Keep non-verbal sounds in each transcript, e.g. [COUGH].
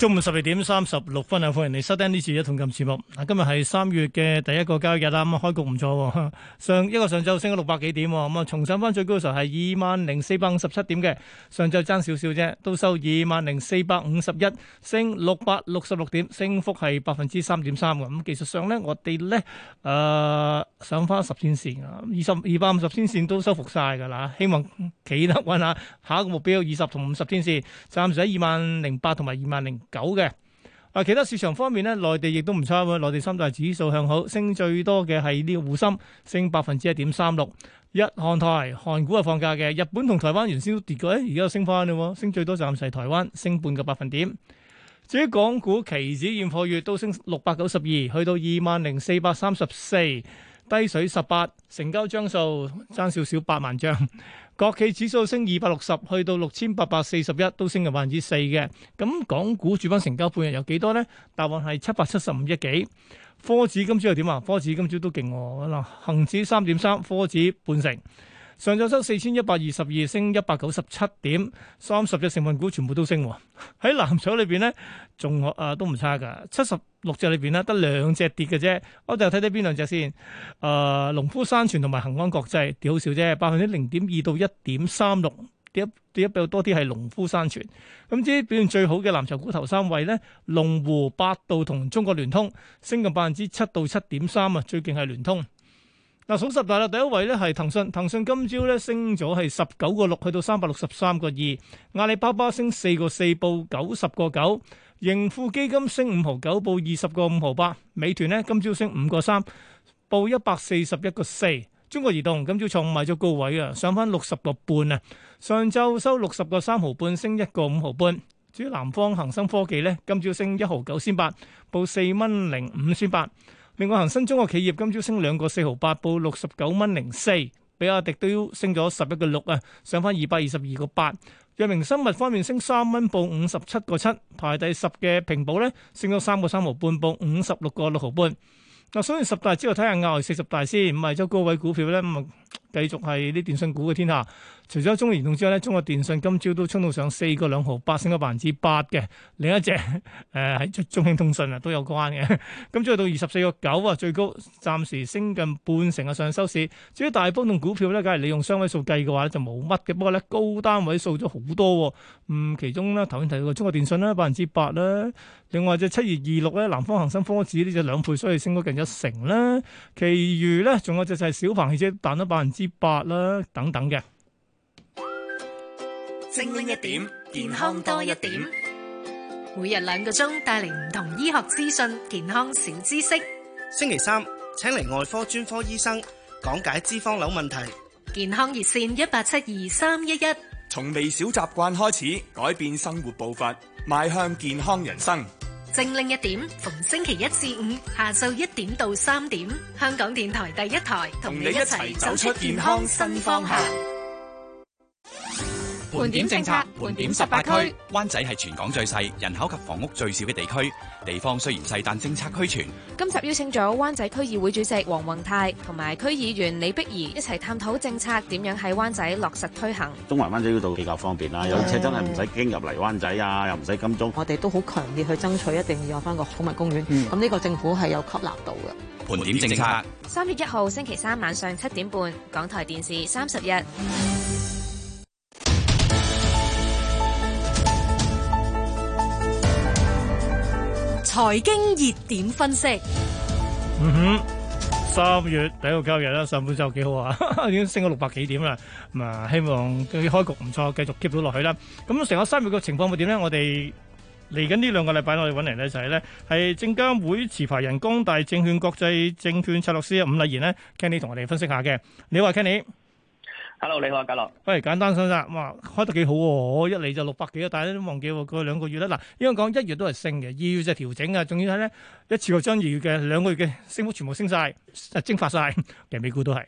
中午十二點三十六分啊，歡迎你收聽呢次一桶金節目。今日係三月嘅第一個交易日啦，咁開局唔錯。上一個上週升咗六百幾點喎，咁啊重上翻最高嘅時候係二萬零四百五十七點嘅，上週爭少少啫，都收二萬零四百五十一，升六百六十六點，升幅係百分之三點三嘅。咁技術上咧，我哋咧誒上翻十天線啊，二十二百五十天線都收復晒㗎啦。希望企得穩下，下一個目標二十同五十天線，暫時喺二萬零八同埋二萬零。九嘅，啊，其他市場方面咧，內地亦都唔差喎。內地三大指數向好，升最多嘅係呢個滬深，升百分之一點三六。日韓台，韓股係放假嘅，日本同台灣原先都跌過，誒，而家又升翻啦，升最多暫時係台灣，升半個百分點。至於港股期指現貨月都升六百九十二，去到二萬零四百三十四。低水十八，成交張數爭少少八萬張，國企指數升二百六十，去到六千八百四十一，都升咗百分之四嘅。咁港股主板成交半日有幾多呢？答案係七百七十五億幾。科指今朝又點啊？科指今朝都勁，嗱，恒指三點三，科指半成，上晝收四千一百二十二，升一百九十七點，三十隻成分股全部都升喎。喺藍籌裏邊呢，仲啊都唔差噶，七十。六隻裏邊咧，得兩隻跌嘅啫。我哋睇睇邊兩隻先。誒，農夫山泉同埋恆安國際跌好少啫，百分之零點二到一點三六跌一跌一比較多啲係農夫山泉。咁至於表現最好嘅藍籌股頭三位咧，龍湖、百度同中國聯通，升近百分之七到七點三啊。最勁係聯通。嗱，數十大啦，第一位咧係騰訊，騰訊今朝咧升咗係十九個六，去到三百六十三個二。阿里巴巴升四個四報九十個九。盈富基金升五毫九，報二十個五毫八。美團呢今朝升五個三，報一百四十一個四。中國移動今朝創買咗高位啊，上翻六十個半啊。上晝收六十個三毫半，升一個五毫半。至於南方恒生科技呢，今朝升一毫九仙八，報四蚊零五仙八。另外恒生中國企業今朝升兩個四毫八，報六十九蚊零四。比亞迪都升咗十一個六啊，上翻二百二十二個八。藥明生物方面升三蚊，報五十七個七，排第十嘅平保咧升咗三個三毫半，報五十六個六毫半。嗱，所以十大之後睇下亞四十大先，唔係周高位股票咧繼續係啲電信股嘅天下，除咗中國移動之外咧，中國電信今朝都衝到上四個兩毫八，升咗百分之八嘅。另一隻誒喺中興通訊啊，都有關嘅。今朝去到二十四個九啊，最高暫時升近半成啊上收市。至於大波動股票咧，梗係利用雙位數計嘅話咧就冇乜嘅。不過咧高單位數咗好多，嗯，其中咧頭先提到中國電信咧百分之八啦，另外隻七月二六咧南方恒生科指呢隻兩倍，所以升咗近一成啦。其餘咧仲有隻就係小鵬汽車彈咗百。百分之八啦，等等嘅。精靈一點，健康多一點。每日兩個鐘，帶嚟唔同醫學資訊、健康小知識。星期三，請嚟外科專科醫生講解脂肪瘤問題。健康熱線一八七二三一一。從微小習慣開始，改變生活步伐，邁向健康人生。精靈一點，逢星期一至五，下晝一點到三點，香港電台第一台，同你一齊走出健康新方向。盤點政策，盤點十八區，灣仔係全港最細、人口及房屋最少嘅地區。地方雖然細，但政策俱全。今集邀請咗灣仔區議會主席黃宏泰同埋區議員李碧儀一齊探討政策點樣喺灣仔落實推行。中環灣仔呢度比較方便啦，Yeah. 有車真係唔使經入嚟灣仔啊，又唔使金鐘。我哋都好強烈去爭取，一定要有翻個寵物公園。咁呢、嗯、個政府係有吸納到嘅。盤點政策。三月一號星期三晚上七點半，港台電視三十日。財經熱點分析。嗯哼，三月第一個交易日啦，上半周幾好啊， [LAUGHS] 已經升咗六百幾點啦。咁啊，希望啲開局唔錯，繼續 keep 到落去啦。咁成個三月嘅情況會點咧？我哋嚟緊呢兩個禮拜，就是，我哋揾嚟咧就係咧係證監會持牌人光大證券國際證券策略師伍禮賢咧，Kenny 同我哋分析下嘅。你好啊，Kenny。Hello，你好啊，嘉樂。喂，簡單想啦，哇，開得幾好喎、哦！一嚟就六百幾啊，大家都忘記過兩個月啦。嗱，應該講一月都係升嘅，二月就調整啊，仲要係咧一次過將二月嘅兩個月嘅升幅全部升晒，誒、啊，蒸發晒嘅美股都係。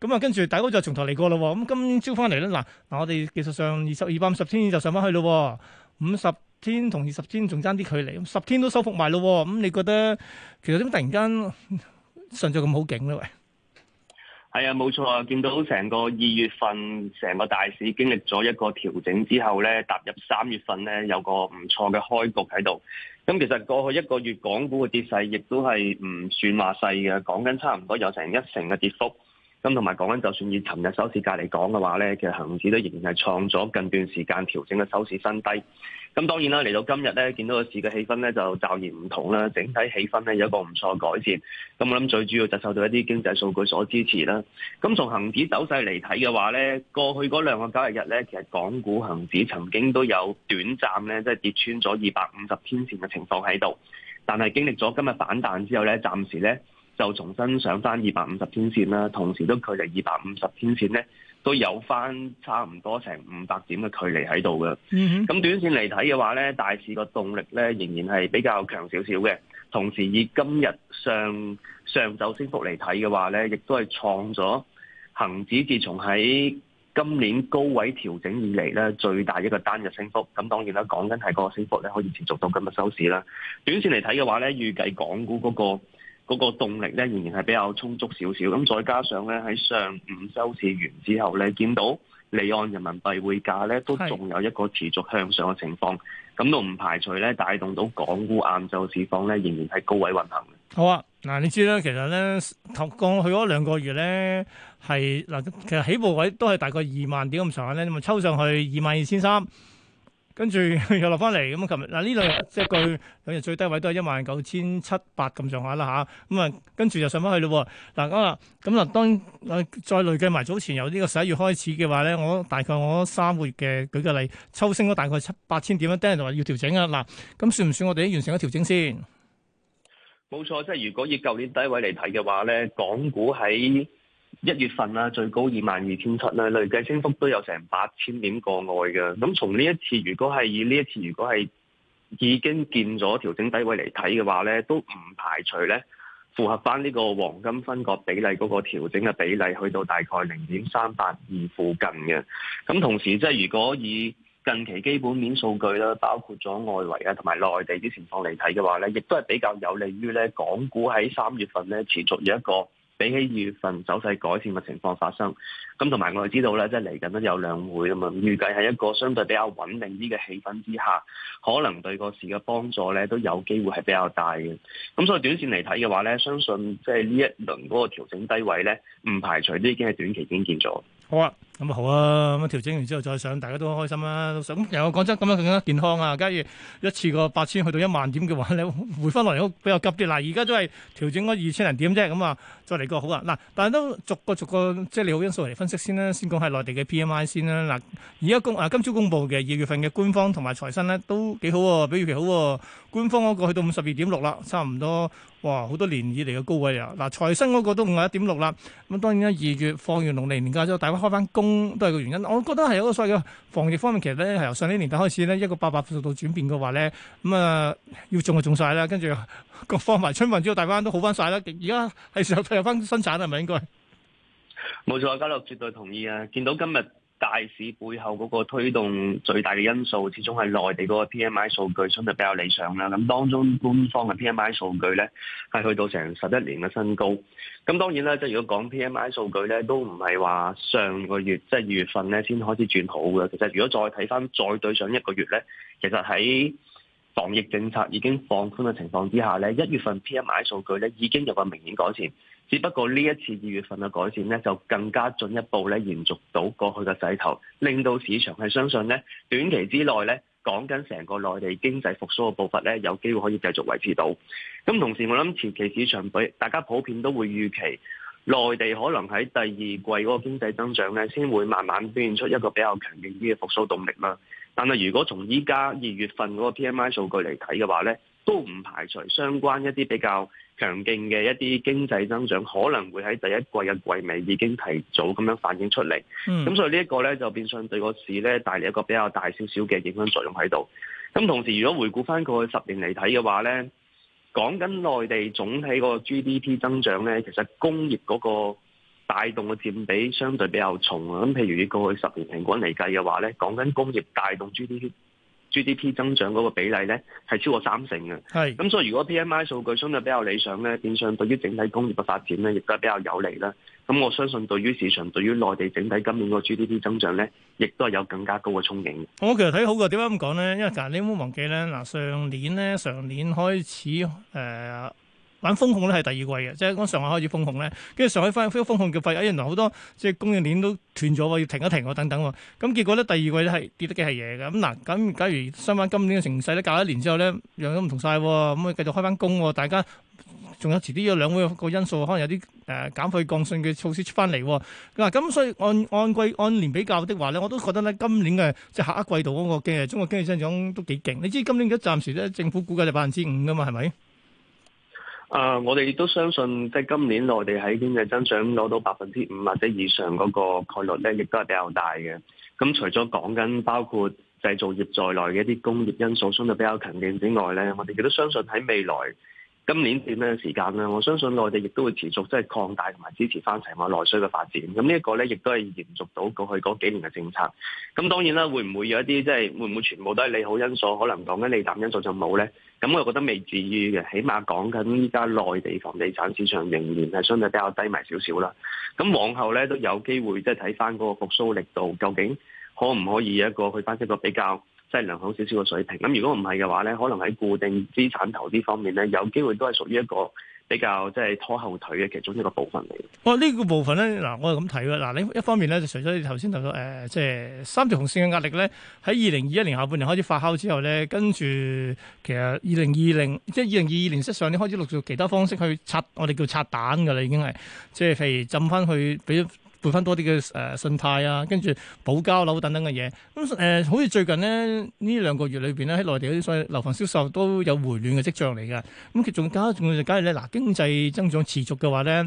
咁啊，跟、嗯、住大波就從頭嚟過咯。咁、嗯、今朝翻嚟咧，嗱嗱，我哋技術上二十二百五十天就上翻去咯。五十天同二十天仲爭啲距離，十天都收復埋咯。咁、嗯、你覺得其實點突然間、嗯、上漲咁好勁喂。係啊，冇錯啊，見到成個二月份，成個大市經歷咗一個調整之後呢，踏入三月份呢，有個唔錯嘅開局喺度。咁其實過去一個月港股嘅跌勢，亦都係唔算話細嘅，講緊差唔多有成一成嘅跌幅。咁同埋講緊，就算以尋日收市價嚟講嘅話咧，其實恒指都仍然係創咗近段時間調整嘅收市新低。咁當然啦，嚟到今日咧，見到個市嘅氣氛咧就驟然唔同啦，整體氣氛咧有一個唔錯嘅改善。咁我諗最主要就受到一啲經濟數據所支持啦。咁從恒指走勢嚟睇嘅話咧，過去嗰兩個交易日咧，其實港股恒指曾經都有短暫咧，即係跌穿咗二百五十天線嘅情況喺度。但係經歷咗今日反彈之後咧，暫時咧。又重新上翻二百五十天線啦，同時都距離二百五十天線咧都有翻差唔多成五百點嘅距離喺度嘅。咁、嗯、哼短線嚟睇嘅話咧，大市個動力咧仍然係比較強少少嘅。同時以今日上上晝升幅嚟睇嘅話咧，亦都係創咗恒指自從喺今年高位調整以嚟咧最大一個單日升幅。咁當然啦，講緊係個升幅咧可以持續到今日收市啦。短線嚟睇嘅話咧，預計港股嗰、那個。嗰個動力咧，仍然係比較充足少少。咁再加上咧，喺上午收市完之後咧，見到離岸人民幣匯價咧都仲有一個持續向上嘅情況，咁都唔排除咧帶動到港股晏晝市況咧，仍然係高位運行嘅。好啊，嗱，你知啦，其實咧頭過去嗰兩個月咧係嗱，其實起步位都係大概二萬點咁上下咧，你咪抽上去二萬二千三。跟住又落翻嚟咁啊！琴日嗱呢兩日即係佢兩日最低位都係一萬九千七百咁上下啦吓，咁啊，跟住就上翻去咯。嗱，咁啊咁啊，當、啊啊、再累計埋早前由呢個十一月開始嘅話咧，我大概我三個月嘅舉個例，抽升咗大概七八千點啦，但係就話要調整啊。嗱、啊，咁算唔算我哋都完成咗調整先？冇錯，即係如果以舊年低位嚟睇嘅話咧，港股喺一月份啦，最高二萬二千七啦，累計升幅都有成八千點個外嘅。咁從呢一次，如果係以呢一次如果係已經見咗調整低位嚟睇嘅話咧，都唔排除咧符合翻呢個黃金分割比例嗰個調整嘅比例去到大概零點三八二附近嘅。咁同時即係如果以近期基本面數據啦，包括咗外圍啊同埋內地啲情況嚟睇嘅話咧，亦都係比較有利於咧港股喺三月份咧持續有一個。比起二月份走勢改善嘅情況發生，咁同埋我哋知道咧，即係嚟緊都有兩會啊嘛，預計喺一個相對比較穩定啲嘅氣氛之下，可能對個市嘅幫助咧都有機會係比較大嘅。咁所以短線嚟睇嘅話咧，相信即係呢一輪嗰個調整低位咧，唔排除已經係短期已經見咗。好啊。咁啊、嗯、好啊，咁、嗯、啊調整完之後再上，大家都開心啦、啊，都想咁、嗯、又講真咁樣更加健康啊！假如一次過八千去到一萬點嘅話，你回翻落嚟好比較急啲。嗱，而家都係調整咗二千零點啫，咁、嗯、啊，再嚟個好啊！嗱，但係都逐個逐個即係利好因素嚟分析先啦，先講係內地嘅 PMI 先啦。嗱，而家公啊今朝公佈嘅二月份嘅官方同埋財新咧都幾好喎、啊，比預期好喎、啊。官方嗰個去到五十二點六啦，差唔多哇，好多年以嚟嘅高位啊！嗱，財新嗰個都五十一點六啦。咁、啊、當然啦，二月放完農曆年假之後，大家開翻工。都係個原因，我覺得係有個所謂嘅防疫方面，其實咧係由上年年底開始咧一個一百八十度轉變嘅話咧，咁、嗯、啊、呃、要種就種晒啦，跟住各方埋春運之後大家都好翻晒啦，而家係時候退入翻生產係咪應該？冇錯，家樂絕對同意啊！見到今日。大市背後嗰個推動最大嘅因素，始終係內地嗰個 PMI 數據相對比較理想啦。咁當中官方嘅 PMI 數據咧，係去到成十一年嘅新高。咁當然啦，即係如果講 PMI 數據咧，都唔係話上個月即係二月份咧先開始轉好嘅。其實如果再睇返再對上一個月咧，其實喺防疫政策已經放寬嘅情況之下咧，一月份 PMI 數據咧已經有個明顯改善。只不過呢一次二月份嘅改善咧，就更加進一步咧，延續到過去嘅勢頭，令到市場係相信咧短期之內咧講緊成個內地經濟復甦嘅步伐咧，有機會可以繼續維持到。咁同時我，我諗前期市場比大家普遍都會預期內地可能喺第二季嗰個經濟增長咧，先會慢慢表現出一個比較強勁啲嘅復甦動力啦。但係如果從依家二月份嗰個 PMI 數據嚟睇嘅話咧，都唔排除相關一啲比較。強勁嘅一啲經濟增長可能會喺第一季嘅季尾已經提早咁樣反映出嚟，咁、嗯、所以呢一個呢就變相對個市呢帶嚟一個比較大少少嘅影響作用喺度。咁同時如果回顧翻過去十年嚟睇嘅話呢，講緊內地總體個 GDP 增長呢，其實工業嗰個帶動嘅佔比相對比較重啊。咁譬如以過去十年平均嚟計嘅話呢，講緊工業帶動 GDP GDP 增長嗰個比例咧，係超過三成嘅，係咁是所以如果 PMI 數據相對比較理想咧，變相對於整體工業嘅發展咧，亦都係比較有利啦。咁我相信對於市場，對於內地整體今年個 GDP 增長咧，亦都係有更加高嘅憧憬。我其實睇好過點解咁講咧？因為嗱，你有冇忘記咧？嗱，上年咧，上年開始誒。呃玩封控咧係第二季嘅，即係講上海開始封控咧，跟住上海翻封控嘅費，哎原來好多即係供應鏈都斷咗喎，要停一停喎等等喎，咁、嗯、結果咧第二季咧係跌得幾係嘢嘅。咁、嗯、嗱，咁假如相反今年嘅城勢咧，隔一年之後咧，樣樣都唔同晒喎，咁佢繼續開翻工喎，大家仲有遲啲有兩會個因素，可能有啲誒減費降稅嘅措施出翻嚟。嗱、嗯、咁、嗯、所以按按，按季按年比較的話咧，我都覺得咧今年嘅即係下一季度嗰個嘅中國經濟增長都幾勁。你知今年而家暫時咧政府估計就百分之五㗎嘛，係咪？是啊！Uh, 我哋亦都相信，即係今年內地喺經濟增長攞到百分之五或者以上嗰個概率咧，亦都係比較大嘅。咁除咗講緊包括製造業在內嘅一啲工業因素，相對比較強勁之外咧，我哋亦都相信喺未來，今年點樣嘅時間咧，我相信內地亦都會持續即係擴大同埋支持翻齊埋內需嘅發展。咁呢一個咧，亦都係延續到過去嗰幾年嘅政策。咁當然啦，會唔會有一啲即係會唔會全部都係利好因素？可能講緊利淡因素就冇咧。咁我覺得未至於嘅，起碼講緊依家內地房地產市場仍然係相對比較低迷少少啦。咁往後咧都有機會即係睇翻嗰個復甦力度，究竟可唔可以有一個去翻一個比較？即係良好少少嘅水平，咁、啊、如果唔係嘅話咧，可能喺固定資產投資方面咧，有機會都係屬於一個比較即係拖後腿嘅其中一個部分。嚟、哦。哇！呢個部分咧，嗱，我係咁睇嘅。嗱，你一方面咧、呃，就除咗你頭先提到誒，即係三條紅線嘅壓力咧，喺二零二一年下半年開始發酵之後咧，跟住其實二零二零即係二零二二年，即上年你開始陸續其他方式去拆，我哋叫拆彈㗎啦，已經係即係譬如浸返去俾。背翻多啲嘅誒信貸啊，跟住補交樓等等嘅嘢。咁、嗯、誒、呃，好似最近咧呢兩個月裏邊咧，喺內地啲所謂樓房銷售都有回暖嘅跡象嚟㗎。咁佢仲加，仲要假如咧，嗱經濟增長持續嘅話咧，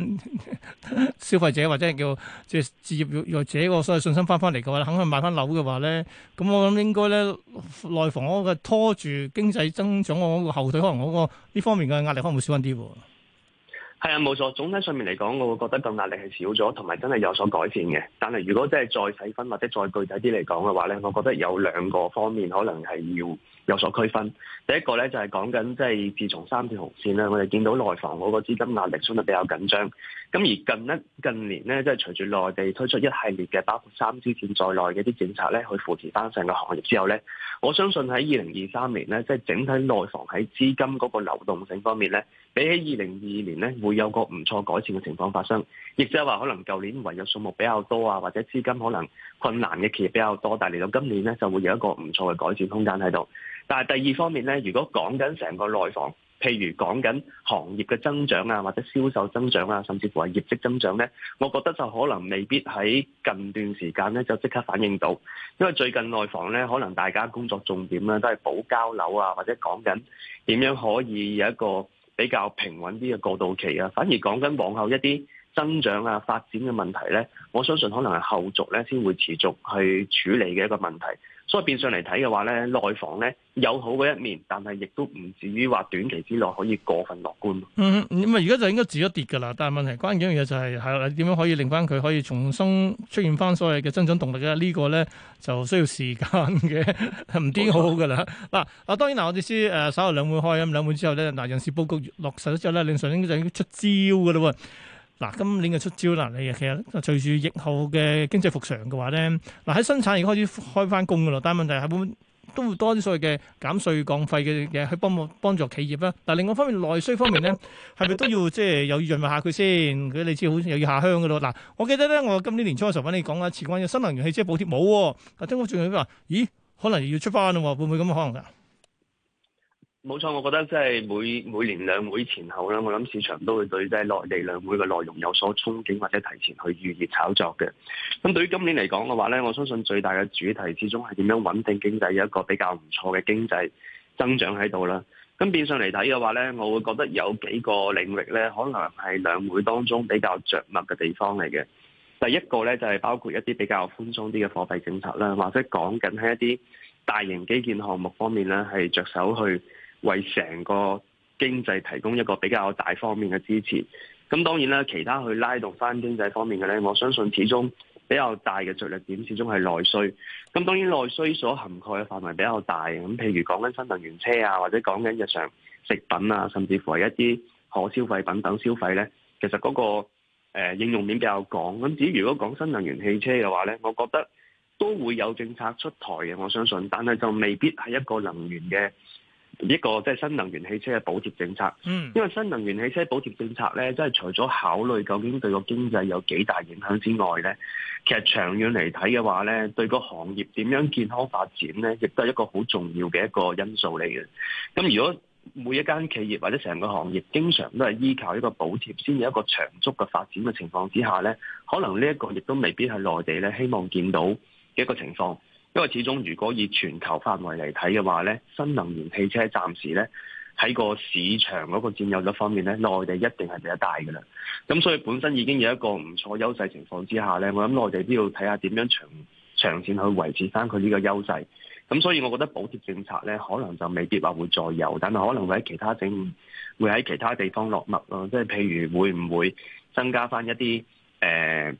[LAUGHS] 消費者或者係叫即係業業者個所謂信心翻翻嚟嘅話，肯去買翻樓嘅話咧，咁我諗應該咧，內房嗰個拖住經濟增長嗰個後腿，可能我個呢方面嘅壓力可能會少翻啲喎。係啊，冇錯。總體上面嚟講，我會覺得個壓力係少咗，同埋真係有所改善嘅。但係如果真係再細分或者再具體啲嚟講嘅話咧，我覺得有兩個方面可能係要有所區分。第一個咧就係講緊即係自從三條紅線咧，我哋見到內房嗰個資金壓力相對比較緊張。咁而近一近年咧，即係隨住內地推出一系列嘅包括三支線在內嘅啲政策咧，去扶持翻成個行業之後咧，我相信喺二零二三年咧，即係整體內房喺資金嗰個流動性方面咧。比起二零二二年咧，會有個唔錯改善嘅情況發生，亦即係話可能舊年唯有數目比較多啊，或者資金可能困難嘅企業比較多，但係嚟到今年咧就會有一個唔錯嘅改善空間喺度。但係第二方面咧，如果講緊成個內房，譬如講緊行業嘅增長啊，或者銷售增長啊，甚至乎係業績增長咧，我覺得就可能未必喺近段時間咧就即刻反映到，因為最近內房咧可能大家工作重點咧都係保交樓啊，或者講緊點樣可以有一個。比較平穩啲嘅過渡期啊，反而講緊往後一啲。增長啊，發展嘅問題咧，我相信可能係後續咧先會持續去處理嘅一個問題。所以變相嚟睇嘅話咧，內房咧有好嘅一面，但係亦都唔至於話短期之內可以過分樂觀。嗯，咁啊，而家就應該止咗跌㗎啦。但係問題關鍵一樣嘢就係係啦，點樣可以令翻佢可以重新出現翻所謂嘅增長動力咧？這個、呢個咧就需要時間嘅，唔 [LAUGHS] 知好好㗎 [LAUGHS] 啦。嗱啊，當然嗱，我哋先誒稍後兩會開咁兩會之後咧，嗱人事佈局落實咗之後咧，梁尚英就應該出招㗎啦喎。嗱，今年嘅出招嗱，你其實隨住疫後嘅經濟復常嘅話咧，嗱喺生產已經開始開翻工噶啦。但係問題係會,會都會多啲所謂嘅減稅降費嘅嘢去幫幫助企業啦。嗱，另外方面內需方面咧，係咪都要即係、呃、有意潤滑下佢先？你知好又要下鄉噶咯嗱。我記得咧，我今年年初嘅時候你講，我哋講啦，似關於新能源汽車補貼冇啊，政府仲要話咦，可能又要出翻啦，會唔會咁可能噶、啊？冇錯，我覺得即係每每年兩會前後咧，我諗市場都會對即係內地兩會嘅內容有所憧憬或者提前去預熱炒作嘅。咁對於今年嚟講嘅話咧，我相信最大嘅主題始終係點樣穩定經濟，有一個比較唔錯嘅經濟增長喺度啦。咁變相嚟睇嘅話咧，我會覺得有幾個領域咧，可能係兩會當中比較着墨嘅地方嚟嘅。第一個咧就係包括一啲比較寬鬆啲嘅貨幣政策啦，或者講緊喺一啲大型基建項目方面咧，係着手去，為成個經濟提供一個比較大方面嘅支持，咁當然啦，其他去拉動翻經濟方面嘅呢，我相信始終比較大嘅着力點始終係內需。咁當然內需所涵蓋嘅範圍比較大，咁譬如講緊新能源車啊，或者講緊日常食品啊，甚至乎係一啲可消費品等消費呢，其實嗰個誒應用面比較廣。咁至於如果講新能源汽車嘅話呢，我覺得都會有政策出台嘅，我相信，但係就未必係一個能源嘅。一個即係新能源汽車嘅補貼政策，嗯、因為新能源汽車補貼政策咧，即係除咗考慮究竟對個經濟有幾大影響之外咧，其實長遠嚟睇嘅話咧，對個行業點樣健康發展咧，亦都係一個好重要嘅一個因素嚟嘅。咁如果每一間企業或者成個行業經常都係依靠一個補貼先有一個長足嘅發展嘅情況之下咧，可能呢一個亦都未必係內地咧希望見到嘅一個情況。因為始終如果以全球範圍嚟睇嘅話咧，新能源汽車暫時咧喺個市場嗰個佔有率方面咧，內地一定係比較大噶啦。咁所以本身已經有一個唔錯優勢情況之下咧，我諗內地都要睇下點樣長長，長線去維持翻佢呢個優勢。咁所以我覺得補貼政策咧，可能就未必話會再有，但係可能會喺其他整會喺其他地方落墨咯。即係譬如會唔會增加翻一啲誒，呃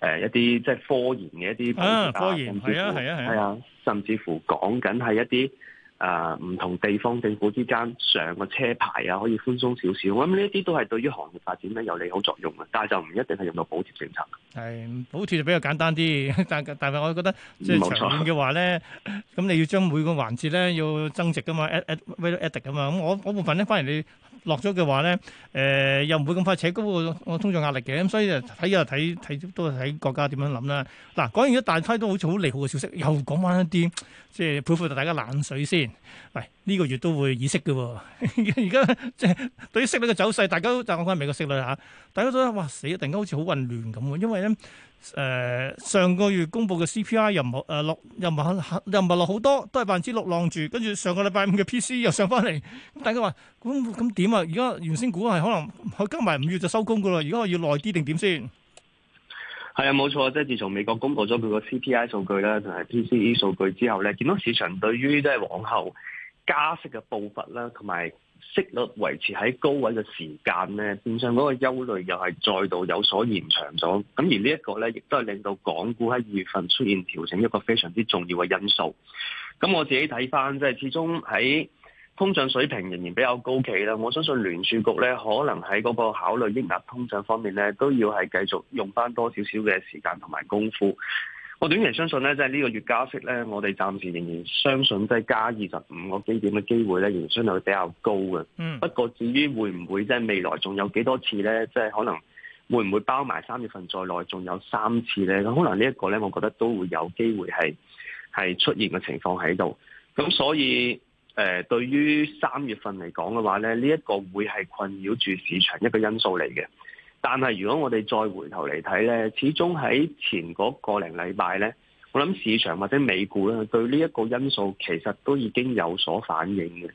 誒一啲即係科研嘅一啲補貼啊，甚至係啊係啊係啊，甚至乎講緊係一啲啊唔同地方政府之間上個車牌啊，可以寬鬆少少。咁呢一啲都係對於行業發展咧有利好作用嘅，但係就唔一定係用到補貼政策。係補貼就比較簡單啲，但係但係我覺得即係長遠嘅話咧，咁冇錯你要將每個環節咧要增值㗎嘛，add add，俾多 add 啲㗎嘛。咁我嗰部分咧，反而你。落咗嘅話咧，誒、呃、又唔會咁快扯高個通脹壓力嘅，咁所以睇就睇下，睇睇都係睇國家點樣諗啦。嗱、啊、講完一大批都好似好利好嘅消息，又講翻一啲即係潑潑大家冷水先。喂，呢、呢個月都會意識嘅喎，而 [LAUGHS] 家即係對於息率嘅走勢，大家都就講翻美國息率啦嚇，大家都覺得哇死啊！突然間好似好混亂咁喎，因為咧。誒，上個月公布嘅 CPI 又唔好，誒，落又唔好又唔落好多，都係百分之六晾住。跟住上個禮拜五嘅 PCE 又上翻嚟，大家話咁咁點啊？而、嗯、家、嗯嗯嗯、原先估係可能佢加埋五月就收工㗎喇，而家要耐啲定點先？係啊、哎，冇錯，即係自從美國公布咗佢個 CPI 數據啦，同埋 PCE 數據之後咧，見到市場對於即係往後加息嘅步伐啦，同埋。息率維持喺高位嘅時間呢，變相嗰個憂慮又係再度有所延長咗。咁而呢一個呢，亦都係令到港股喺二月份出現調整一個非常之重要嘅因素。咁我自己睇翻，即係始終喺通脹水平仍然比較高企啦。我相信聯儲局呢，可能喺嗰個考慮抑壓通脹方面呢，都要係繼續用翻多少少嘅時間同埋功夫。我短期相信咧，即係呢個月加息咧，我哋暫時仍然相信即係加二十五個基點嘅機會咧，仍然相對會比較高嘅。嗯、不過至於會唔會即係未來仲有幾多次咧，即係可能會唔會包埋三月份在內仲有三次咧？咁可能呢一個咧，我覺得都會有機會係係出現嘅情況喺度。咁所以誒，對於三月份嚟講嘅話咧，呢、這、一個會係困擾住市場一個因素嚟嘅。但係，如果我哋再回頭嚟睇咧，始終喺前嗰個零禮拜咧，我諗市場或者美股咧，對呢一個因素其實都已經有所反應嘅。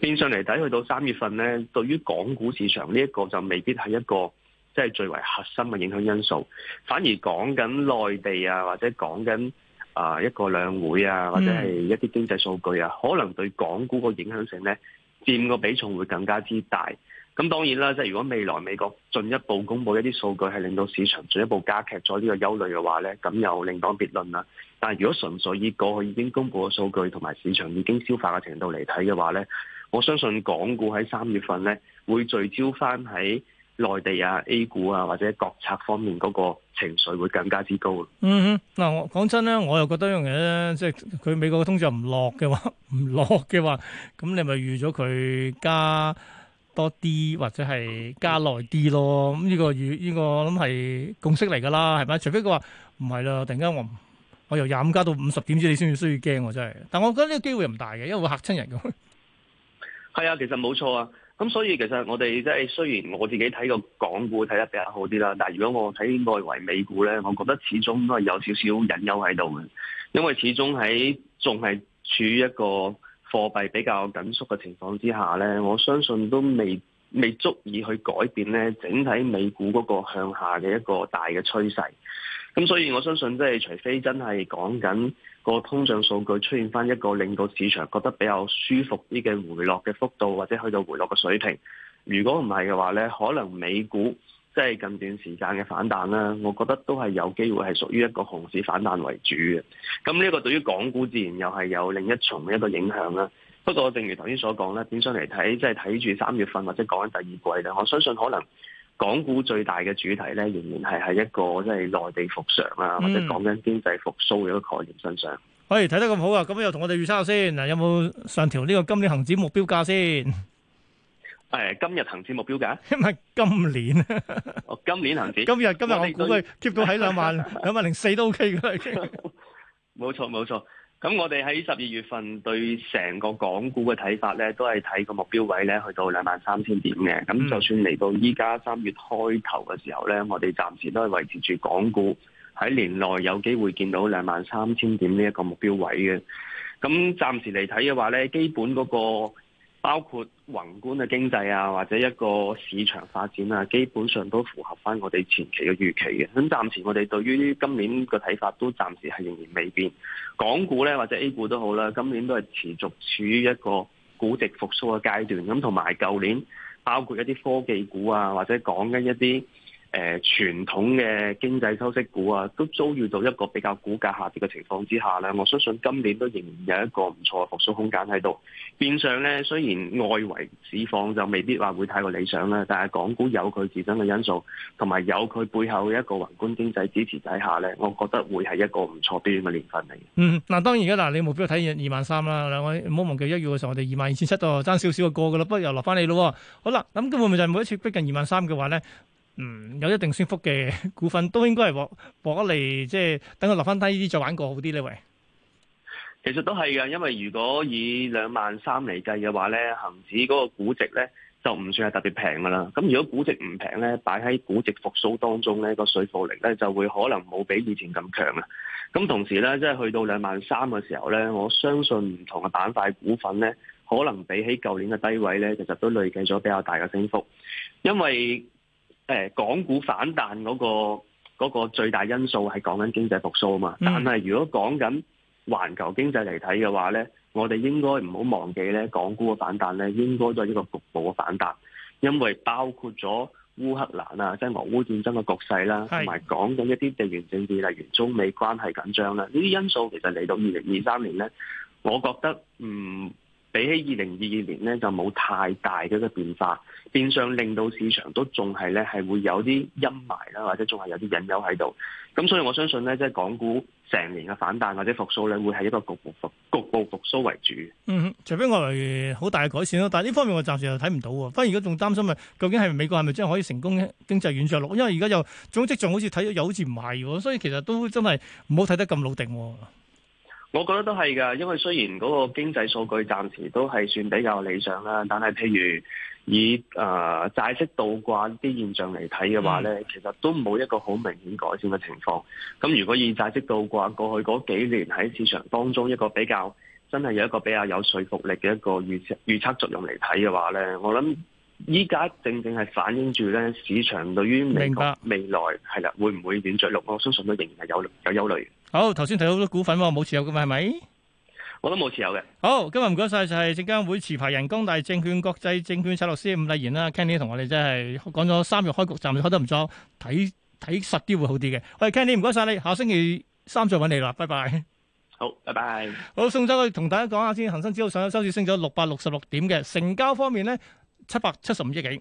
變相嚟睇，去到三月份咧，對於港股市場呢一個就未必係一個即係、就是、最為核心嘅影響因素，反而講緊內地啊，或者講緊啊一個兩會啊，或者係一啲經濟數據啊，可能對港股個影響性咧，佔個比重會更加之大。咁當然啦，即係如果未來美國進一步公布一啲數據，係令到市場進一步加劇咗呢個憂慮嘅話呢，咁又另當別論啦。但係如果純粹以過去已經公布嘅數據同埋市場已經消化嘅程度嚟睇嘅話呢，我相信港股喺三月份呢會聚焦翻喺內地啊 A 股啊或者國策方面嗰個情緒會更加之高。嗯哼，嗱我講真呢，我又覺得一樣嘢呢，即係佢美國嘅通脹唔落嘅話，唔落嘅話，咁你咪預咗佢加多啲或者係加耐啲咯，咁呢個、呢個、呢個我諗係共識嚟噶啦，係咪？除非佢話唔係啦，突然間我我由廿五加到五十點知你先至需要驚？真係，但我覺得呢個機會唔大嘅，因為會吓親人。咁係啊，其實冇錯啊。咁所以其實我哋即係雖然我自己睇個港股睇得比較好啲啦，但係如果我睇外圍美股咧，我覺得始終都係有少少隱憂喺度嘅，因為始終喺仲係處於一個。貨幣比較緊縮嘅情況之下，呢我相信都未未足以去改變呢整體美股嗰個向下嘅一個大嘅趨勢。咁所以我相信即，即係除非真係講緊個通脹數據出現翻一個令到市場覺得比較舒服啲嘅回落嘅幅度，或者去到回落嘅水平。如果唔係嘅話，呢可能美股。即係近段時間嘅反彈啦，我覺得都係有機會係屬於一個熊市反彈為主嘅。咁呢個對於港股自然又係有另一重嘅一個影響啦。不過正如頭先所講啦，點上嚟睇，即係睇住三月份或者講緊第二季咧，我相信可能港股最大嘅主題咧，仍然係喺一個即係內地復常啦，或者講緊經濟復甦嘅一個概念身上。喂、嗯，睇得咁好啊！咁又同我哋預測下先，有冇上調呢個今年恆指目標價先？係、哎、今日恒指目標噶？唔係今年啊！我、 [LAUGHS] 哦、今年恒指。今日今日 [LAUGHS] 我估佢 keep 到喺，兩萬兩萬零四都 OK 嘅。冇錯冇錯，咁我哋喺十二月份對成個港股嘅睇法咧，都係睇、嗯、個目標位咧去到兩萬三千點嘅。咁就算嚟到依家三月開頭嘅時候咧，我哋暫時都係維持住港股喺年內有機會見到兩萬三千點呢一個目標位嘅。咁暫時嚟睇嘅話咧，基本嗰、那個。包括宏觀嘅經濟啊，或者一個市場發展啊，基本上都符合翻我哋前期嘅預期嘅。咁暫時我哋對於今年嘅睇法都暫時係仍然未變。港股呢，或者 A 股都好啦，今年都係持續處於一個估值復甦嘅階段。咁同埋舊年包括一啲科技股啊，或者講緊一啲。誒、呃，傳統嘅經濟收息股啊，都遭遇到一個比較股價下跌嘅情況之下咧，我相信今年都仍然有一個唔錯嘅復甦空間喺度。變相咧，雖然外圍市況就未必話會太過理想咧，但係港股有佢自身嘅因素，同埋有佢背後嘅一個宏觀經濟支持底下咧，我覺得會係一個唔錯表現嘅年份嚟。嗯，嗱當然啦，你目標睇二萬三啦，兩位唔好忘記一月嘅時候我哋二萬二千七度爭少少就過噶啦，不過又落翻嚟咯。好啦，咁佢會唔會就每一次逼近二萬三嘅話咧？嗯，有一定升幅嘅股份都應該係獲獲利，即係、就是、等佢落翻低啲再玩過好啲呢位其實都係嘅，因為如果以兩萬三嚟計嘅話咧，恒指嗰個估值咧就唔算係特別平噶啦。咁如果估值唔平咧，擺喺估值復蘇當中咧，個說服力咧就會可能冇比以前咁強啦。咁同時咧，即係去到兩萬三嘅時候咧，我相信唔同嘅板塊股份咧，可能比起舊年嘅低位咧，其實都累計咗比較大嘅升幅，因為。誒港股反彈嗰個嗰個最大因素係講緊經濟復甦啊嘛，但係如果講緊環球經濟嚟睇嘅話咧，我哋應該唔好忘記咧，港股嘅反彈咧應該都係一個局部嘅反彈，因為包括咗烏克蘭啊，即係俄烏戰爭嘅局勢啦，同埋講緊一啲地緣政治例如中美關係緊張啦，呢啲因素其實嚟到二零二三年咧，我覺得唔，嗯比起二零二二年咧就冇太大嘅一個變化，變相令到市場都仲係咧係會有啲陰霾啦，或者仲係有啲隱憂喺度。咁所以我相信咧，即係港股成年嘅反彈或者復甦咧，會係一個局部復局部復甦為主。嗯，除非我嚟好大嘅改善咯，但係呢方面我暫時又睇唔到喎。反而而家仲擔心啊，究竟係美國係咪真係可以成功經濟軟著陸？因為而家又總跡象好似睇到又好似唔係喎，所以其實都真係唔好睇得咁老定。我覺得都係噶，因為雖然嗰個經濟數據暫時都係算比較理想啦，但係譬如以誒、呃、債息倒掛啲現象嚟睇嘅話咧，其實都冇一個好明顯改善嘅情況。咁如果以債息倒掛過去嗰幾年喺市場當中一個比較真係有一個比較有說服力嘅一個預測預測作用嚟睇嘅話咧，我諗依家正正係反映住咧市場對於美國明白，未來係啦會唔會軟著陸，我相信都仍然係有有憂慮。好，頭先提到好多股份喎，冇持有嘅嘛，係咪？我都冇持有嘅。好，今日唔該晒，就係證監會持牌人光大證券國際證券策略師伍禮賢啦，Kenny 同我哋真係講咗三月開局，暫時開得唔錯，睇睇實啲會好啲嘅。喂，Kenny，唔該晒，你，下星期三再揾你啦，拜拜。好，拜拜。好，送走去同大家講下先，恒生指數上日收市升咗六百六十六點嘅，成交方面咧七百七十五億幾。